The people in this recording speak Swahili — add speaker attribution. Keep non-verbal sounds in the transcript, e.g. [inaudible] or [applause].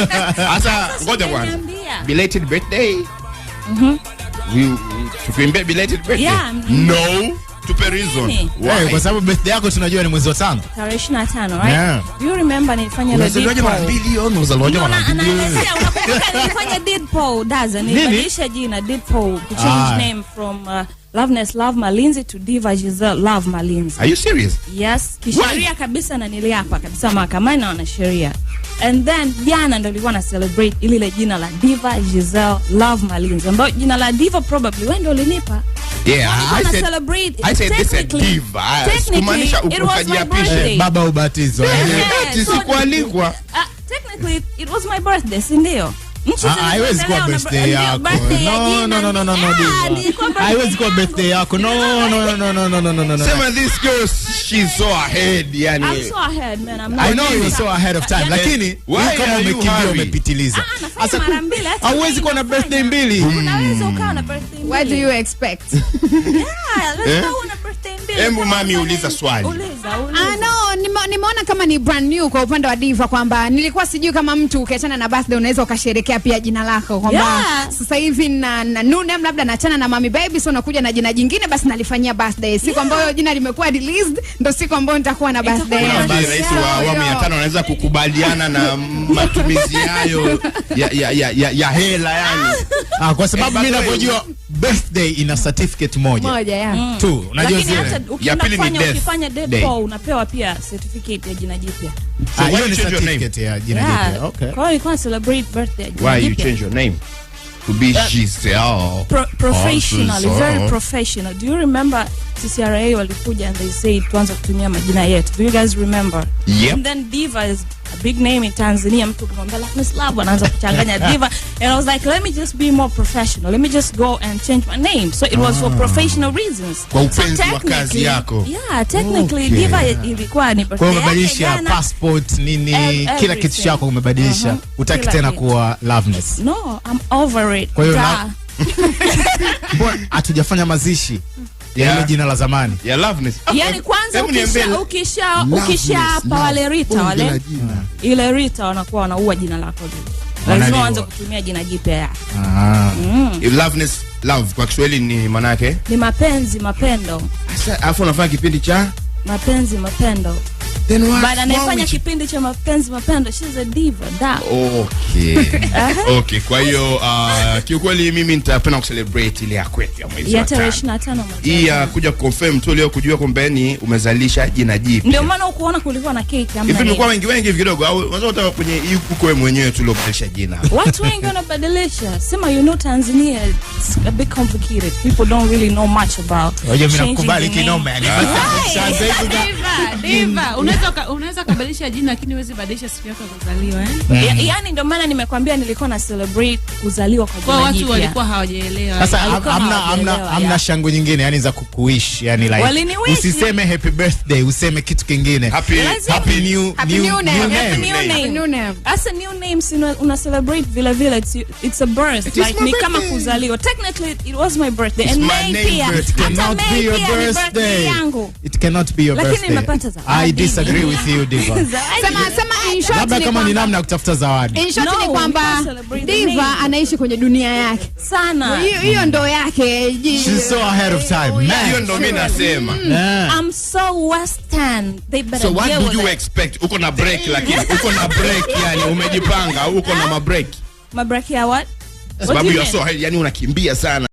Speaker 1: [laughs] Asa, ngoja bwana. Belated birthday. Mhm. Mm Tukuimbia belated birthday? Yeah. No. Tupe reason.
Speaker 2: Why? Eh, kwa sababu birthday yako tunajua ni mwezi wa tano.
Speaker 3: Tarehe 25, right? Yeah. You remember nilifanya ile deed poll. Mara
Speaker 2: mbili hiyo, unazaliwa mara mbili.
Speaker 3: Nilifanya deed poll, doesn't it? Nibadilisha jina deed poll, to change ah. name from uh, Loveness Love Malinzi to Diva Giselle Love Malinzi.
Speaker 1: Are you serious? Yes, kisheria
Speaker 3: kabisa na niliapa kabisa mahakamani na wanasheria. And then jana ndo nilikuwa na celebrate ile jina la Diva Giselle Love Malinzi ambayo jina la Diva probably wewe ndio ulinipa.
Speaker 1: Yeah, I said, celebrate. I said this is Diva. Ah,
Speaker 3: Kumaanisha ukajiapishe
Speaker 2: baba ubatizo. Eh? [laughs] Sikualikwa.
Speaker 3: Ah, technically it was my birthday, ndio?
Speaker 2: haiwezi kuwa birthday yako. No no no no no no. Haiwezi kuwa birthday yako. No no no no no no no. no.
Speaker 1: Sema this girl she's so ahead yani.
Speaker 3: I'm so ahead man. I'm I
Speaker 1: know you're so ahead of time. Lakini wewe kama umekimbia umepitiliza. Sasa hauwezi kuwa na birthday mbili.
Speaker 3: Unaweza ukawa na birthday mbili. What do you expect? Yeah, let's go on a birthday
Speaker 1: mbili. Hebu mami uliza swali.
Speaker 3: Uliza, uliza
Speaker 4: nimeona kama ni brand new kwa upande wa Diva kwamba nilikuwa sijui kama mtu ukiachana na birthday unaweza ukasherekea pia jina lako kwamba yeah. Sasa hivi na, na new name labda naachana na Mami Baby, so nakuja na jina jingine, basi nalifanyia birthday siku yeah. ambayo jina limekuwa released, ndo siku ambayo nitakuwa na birthday. Rais wa awamu ya tano anaweza kukubaliana na matumizi hayo ya, ya, ya, ya, ya hela yani. Ah. ah, kwa sababu eh, mimi ninapojua birthday ina certificate moja moja ya mm. mm. tu unajua zile, ya pili ni death. Ukifanya death call unapewa pia certificate ya jina jipya. Ah, so ah, hiyo ni certificate Ya jina jipya. yeah. Okay. Kwa hiyo you can't celebrate birthday jina jipya. Why you change your name? To be uh, Giselle. Pro professional, also, so. very professional. Do you remember CCRA walikuja and they said tuanze kutumia majina yetu. Do you guys remember? Yep. And then Diva is a big name in Tanzania, mtu kumwambia Lucky Slav anaanza kuchanganya [laughs] diva and I was like let me just be more professional, let me just go and change my name, so it was ah, for professional reasons. Kwa upenzi so wa kazi yako, yeah technically okay. Diva ilikuwa ni kwa umebadilisha passport nini everything. Kila kitu chako umebadilisha uh uh-huh. -huh. Utaki tena kuwa Loveness? No, I'm over it. Kwa hiyo [laughs] hatujafanya mazishi Yaani ya ile jina la zamani ya Loveness. Ah, yani kwanza ukisha ukisha ukisha pa wale Rita wale ile Rita wanakuwa wanaua jina lako juu, lazima waanze kutumia jina jipya ya mm. Loveness love kwa Kiswahili ni maana yake ni mapenzi, mapendo. Sasa afu unafanya kipindi cha mapenzi, mapendo Bana anafanya kipindi cha mapenzi mapendo, she's a diva da. Okay. [laughs] Okay, kwa hiyo uh, kiukweli mimi nitapenda ku celebrate ile ya kwetu ya mwezi wa 25. Hii ya kuja confirm tu leo kujua kwamba ni yaani umezalisha jina jipya. Ndio maana ukoona kulikuwa na cake kama Hivi mlikuwa wengi wengi kidogo au unaweza kutoka kwenye hii kuko wewe mwenyewe tu lobadilisha jina. Watu wengi wanabadilisha. Sema you know Tanzania it's a bit complicated. People don't really know much about. Wewe mimi nakubali kinoma yani. Sasa hivi diva, diva. Unaweza kubadilisha jina lakini huwezi badilisha siku yako ya kuzaliwa eh? Yaani ndio maana nimekwambia nilikuwa na celebrate kuzaliwa kwa jina. Kwa watu walikuwa hawajaelewa. Sasa amna amna amna shangwe nyingine yani za kukuish yani like usiseme happy birthday, useme kitu kingine. Happy happy new happy new name. Sasa new name. names una celebrate vile vile it's a birth like ni kama kuzaliwa. Technically it was my birthday and May pia. It cannot be your birthday. It cannot be your birthday. Lakini nimepata zawadi disagree with you Diva. [laughs] Sema sema in short labda kama ni namna ya kutafuta zawadi. In short ni kwamba Diva anaishi kwenye dunia yake. Sana. Hiyo ndo yake. she so ahead of time. man Hiyo ndo mimi nasema. Mm. I'm so western. They better So what do you expect? Uko na break lakini uko na break [laughs] yani umejipanga uko na mabreak. Mabreak ya what? Sababu you're so yani unakimbia sana.